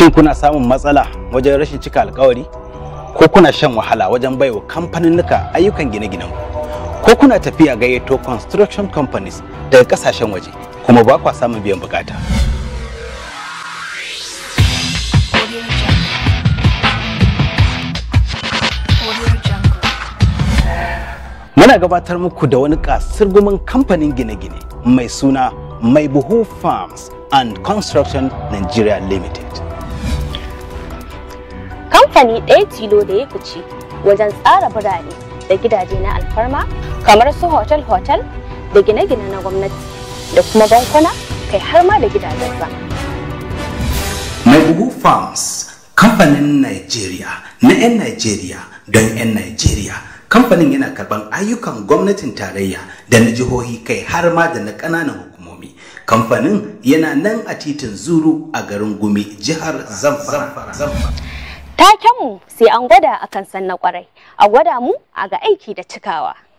shin kuna samun matsala wajen rashin cika alkawari ko kuna shan wahala wajen baiwa kamfaninnuka ayyukan gine-ginen ko kuna tafiya gayyato construction companies daga kasashen waje kuma ba kwa samun biyan bukata muna gabatar muku da wani kasirgumin kamfanin gine-gine mai suna mai buhu farms and construction nigeria limited Kamfani ɗaya tilo da ya fice wajen tsara birane da gidaje na alfarma kamar su hotel-hotel da gine-gine na gwamnati da kuma bankuna kai har ma da gidajen ba. Mai farms kamfanin Najeriya na 'yan Najeriya don 'yan Najeriya, kamfanin yana karban ayyukan gwamnatin tarayya da na jihohi kai har ma da na ƙananan hukumomi kamfanin yana nan a titin zuru a garin gumi jihar zamfara mu sai an gwada akan sannan kwarai a gwada mu aga ga aiki da cikawa